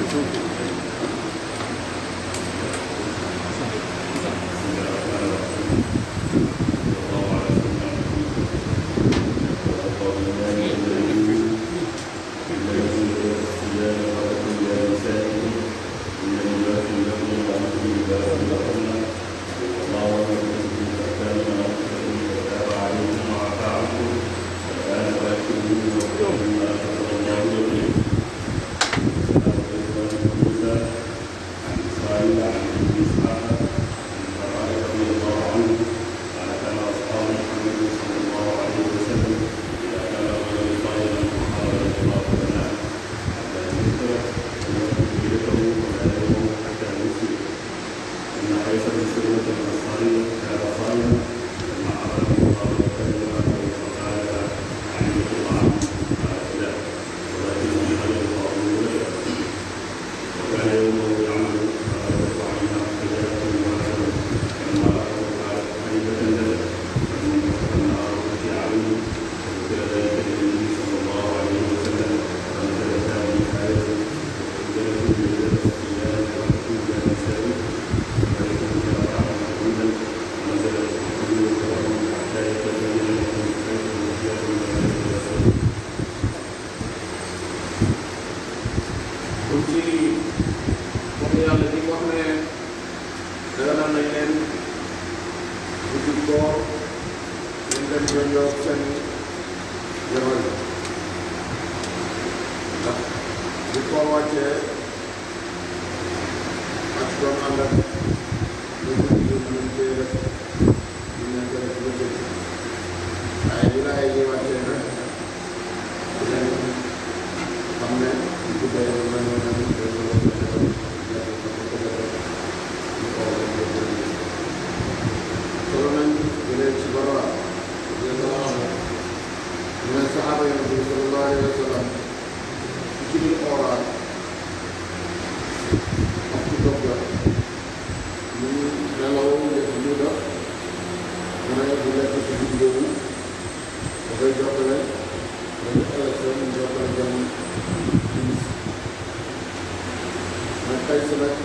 Thank you. السلام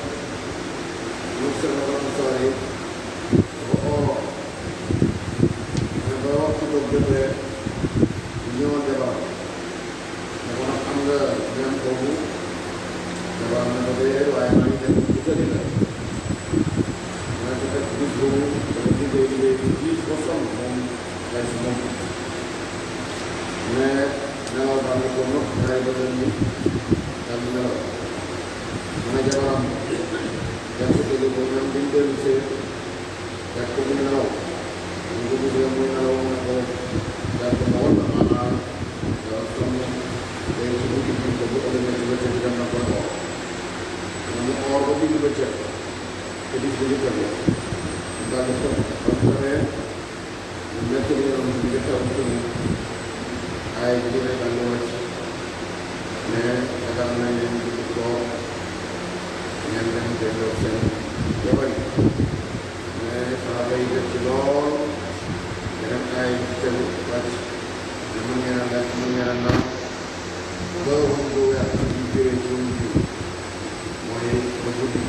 يرسل الرب صالح وقال أنا وقت الجبل مليون جبل وأنا الحمد لله قومه جبل من بداية وأنا عندي جبل أنا كتبت جبل وأنا جبل جبل قسم من ليس ممكن mais nelaw baa nga ko nopp day ba dem ni daal nelaw Najaram, Yakshaka ji program detail se, Yakshaka ji nao, Yakshaka ji nao nao nao, Yakshaka nao nao nao, Yakshaka nao, Yakshaka ji nao nao, Yakshaka ji nao nao, Yakshaka ji nao nao, हमने और को भी बच्चे यदि शुरू कर लिया उनका दोस्तों डॉक्टर है मैं तो मेरा मिलेगा उनको आए जिन्हें धन्यवाद मैं अगर मैं इनको ñan lañ delloo seen jabar yi mais saxaaba yi def ci lool yeneen ay tegu wàcc ne mën ngeen a lekk mën ngeen a naan ba woon bu weex ci biir mooy ba guddi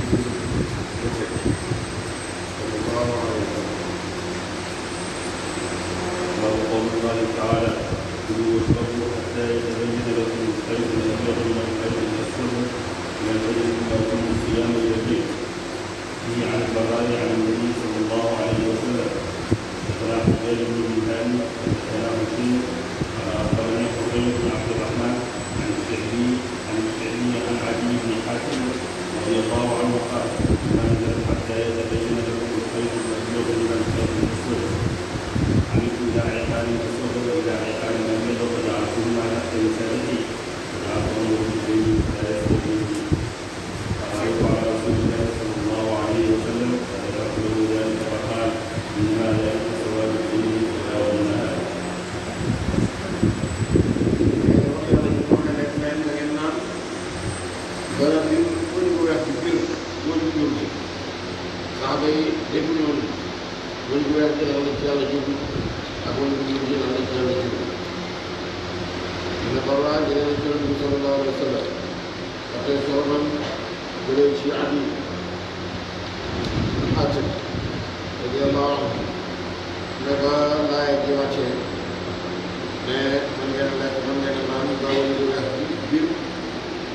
رضي الله عنه قال dana bi mënu ko weex ci biir mënu ko jóg saxaba yi def noonu mënu ko weex ci lan la ci yàlla jóg ak mënu ko jóg ci lan la ci yàlla jóg dina barwaa dina la ci yonent bi sallallahu alayhi wa sallam ba tey soxnam bu leen ci adi at radiyallahu anhu ne ba laay ji wàccee mais man ngeen lekk man ngeen naan ba wala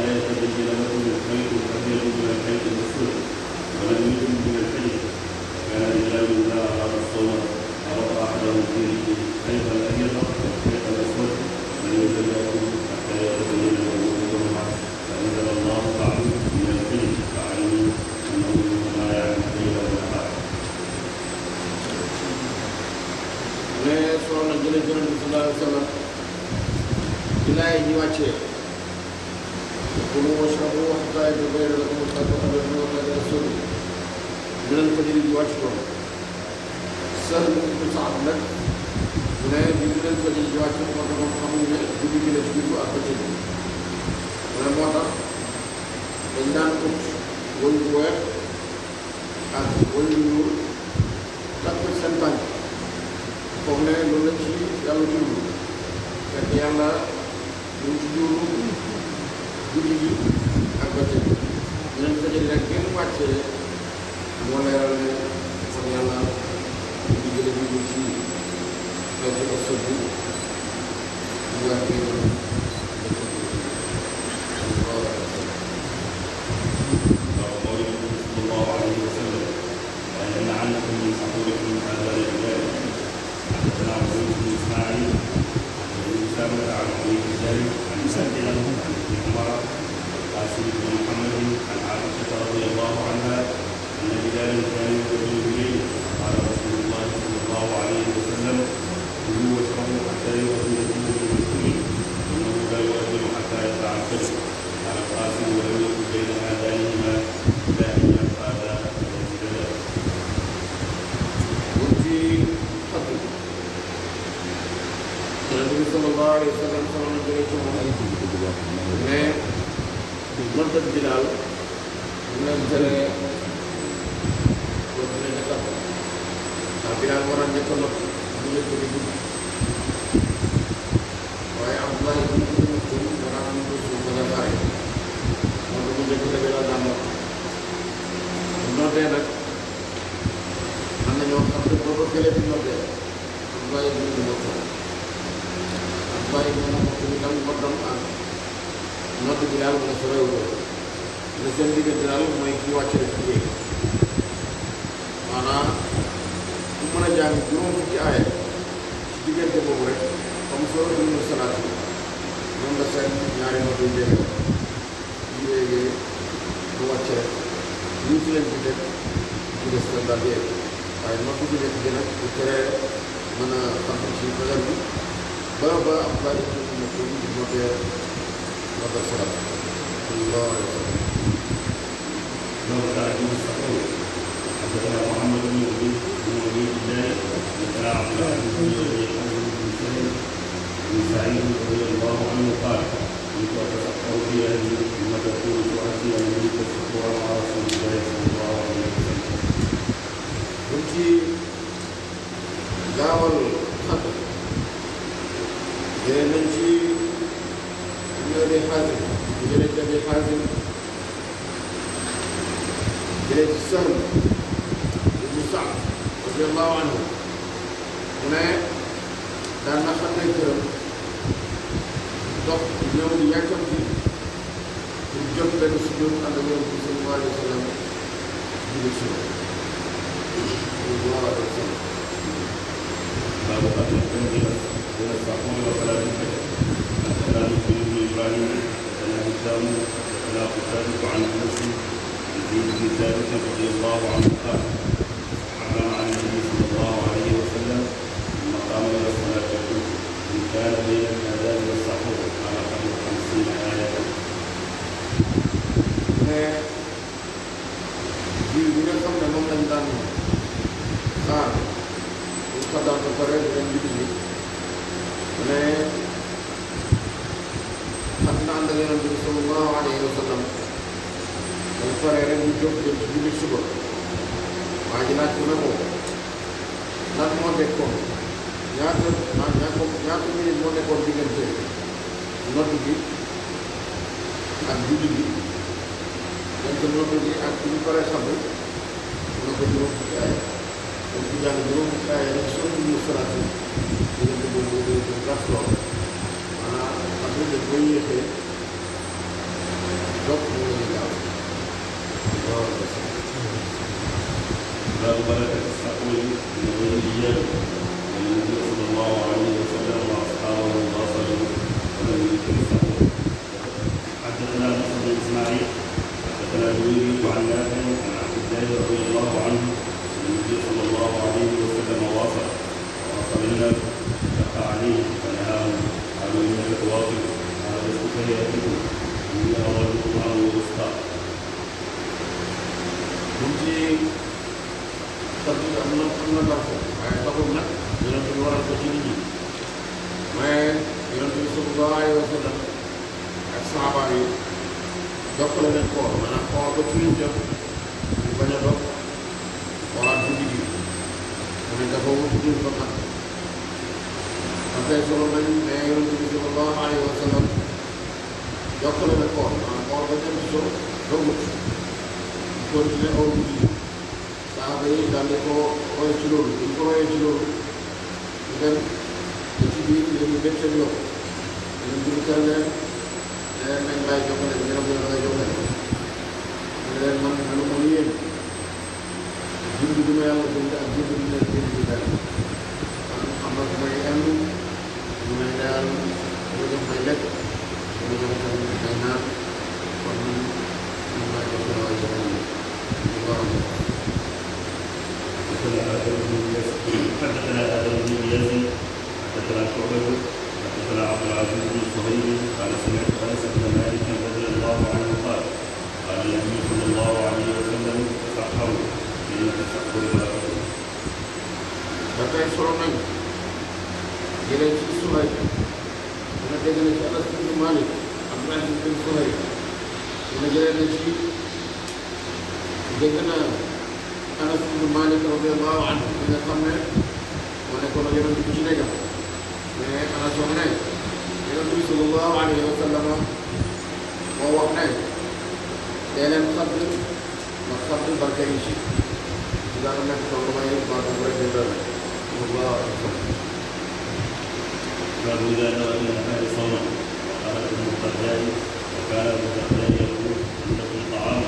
حتى يتبين له الخيط الابيض فانزل الله بعد من الحلم فعلموا انه لا يعلم الليل ولا حاجه. ne sauran jirgin sallallahu alaihi wasallam ila yi wace كلوا واشربوا حتى يتبين لكم الخيط الابيض من الخيط الاسود من الفجر يوجهه سهل بن سعد nag mu ne bi mu leen fajir wàcc moo tax moom xamuñ ne guddi gi la julli bu ak bëccëg bi mu ne moo tax dañ daan ut wëñ bu weex ak wëñ bu ñuul takk ko seen tànk foog ne loolu la ci yàlla jublu fekk yàlla ñu ci jublu dia beli aku baca dia bisa jadi lagi aku baca model sebenarnya dia lebih lucu bagi osok dia dia Thank you. رجال كانوا يؤمنون به قال رسول الله صلى الله عليه وسلم كلوا واشربوا حتى يؤذن الدين بالمسلمين انه لا يؤذن حتى يتعبد على قاسم القاسم ولم يكن بين اذانهما الا ان يبقى ذاك الذي بدا وفي النبي صلى الله عليه وسلم صلى الله عليه وسلم ibn Rabi'ah, Abdullah ibn Mubarak, Abdullah ibn Mubarak become Mubarak and not the Bilal ibn Surah Recently the Bilal of Maiki watched it today. Mana, Umana Jang, Jurong Fiki Ayat, Stiket de Bobre, Kamsor ibn Salat, Nanda Sen, Nyari Mabin Jaya, Yere Yere, Watched, Newsland Ticket, Newsland Ticket, maku bi nekk bi nag bu teree mën a xam ci problème bi ba ba am bari ci mu nekk di motee motee salaam بن وليد بن وليد الله حدثنا عبد العزيز بن ابي حزم بن سعيد رضي الله عنه قال كنت اتفقه في اهلي ثم تكون تؤتي من يوم أن النبي صلى الله عليه وسلم بالسنة باب قتل الكلب من الصحون وصلاة الفجر حدثنا بن ابراهيم حدثنا هشام حدثنا عن انس عن زيد بن ثابت رضي الله عنه قال حرم عن النبي صلى الله عليه وسلم ثم قام الى الصلاة ان كان بين الاذان nodd bi ak julli bi dañ ko nodd bi ak bu ñu paree xamul na ko juróom fukki aaya dañ ko juróom fukki aaya rek soo ñu salaat yi dina ko doon doon doon gàtt lool maanaam xam nga boo loolu sax. sax mooy sallallahu alayhi wa sallam ak saaba yi dokk la leen koor maanaam koor ba ci ñu jot ñu bañ a dokk xoolaat mu ne dafa wutu jur ba mat ba tey solo nañu ne yonent bi sallallahu alayhi wa sallam dokk la leen koor maanaam koor daal di ko roy ci loolu ñu ko royee ci loolu ñu dem ci biir léegi bépp seen yokk ñu jukkal leen leen nañ bàyyi jokkale ñu ne ko da ngay jokkale ñu leen man lu mu yéen bind bi ma yàlla bind ak bind bi leen bind bi benn kon am na ku may ànd ñu may daal ñu jox may lekk ñu jox ko ñu koy naan kon ñun ñu may jokkale waaye jokkale ñu war a حدثنا آدم بن ياسين حدثنا آدم بن ياسين حدثنا شعبة حدثنا عبد العزيز بن صهيب قال سمعت انس بن مالك رضي الله عنه قال قال النبي صلى الله عليه وسلم سحروا ان تسحروا بركه. Dakle, sorumlu. Gereksiz sulaydı. Buna gelen ki Anas bin Malik, Abdullah bin Sulaydı. Buna gelen ki Dedina Anas bin Malik radıyallahu anh. Buna kamer, ona konu yönetimi için ne kadar? رجلين النبي صلى الله عليه وسلم ووقعين لأن مخبر مخبر بركيشي إذا لم يكن الله يبقى بركيشي صلى الله عليه وسلم باب إذا نوى إلى أحد صوم قال ابن القرداء وكان ابن القرداء يقول إنه طعام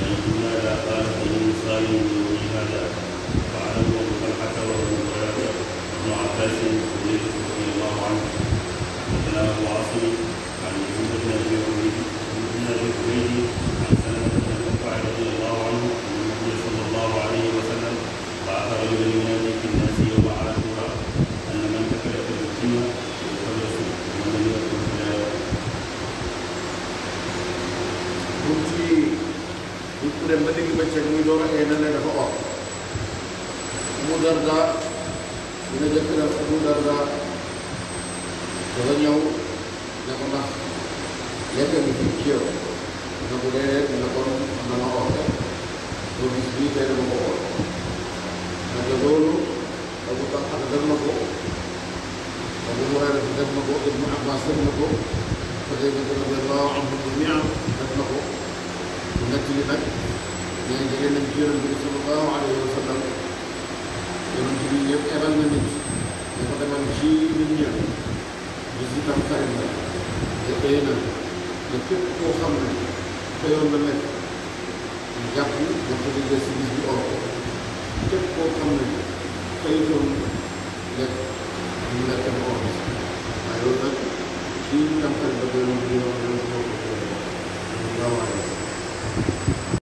فإن لا قال فإني صائم من هذا فعلمه من حكى وهو من عباس الشيخ رضي الله عنه حدثنا ابو عاصم عن يزيد بن ابي عبيد بن ابي عبيد عن سلمه بن القعع رضي الله عنه ان النبي صلى الله عليه وسلم بعث رجلا ينادي في الناس يوم عاشوراء ان من اكل فليسلم فليصم ومن لم ياكل فلا يؤكل. قلت يقول لما تجي بتشكل دور ايه انا اللي رفعه مو درجه إذا ذكر حدود الله تغنيه لكما يكن يفكر نقول لكم أنما أوكي وبسبيت لكم أوكي فتقول أبو طلحة تدمكو أبو هريرة تدمكو ابن عباس تدمكو فقيدة رضي الله عنهم جميعا تدمكو ونجل لك يعني جلنا نجير النبي صلى الله عليه وسلم yéen bi yëpp ebal na nit dafa demal ci nit ñëpp di si tam xarit la te béy na te képp koo xam ne xëyoon na nekk jàpp nga ko liggéey si bis bi or képp koo xam ne xëyitoon nekk ñu nekk na or waaye loolu nag ci tam xarit la béyoon bi ñu wax loolu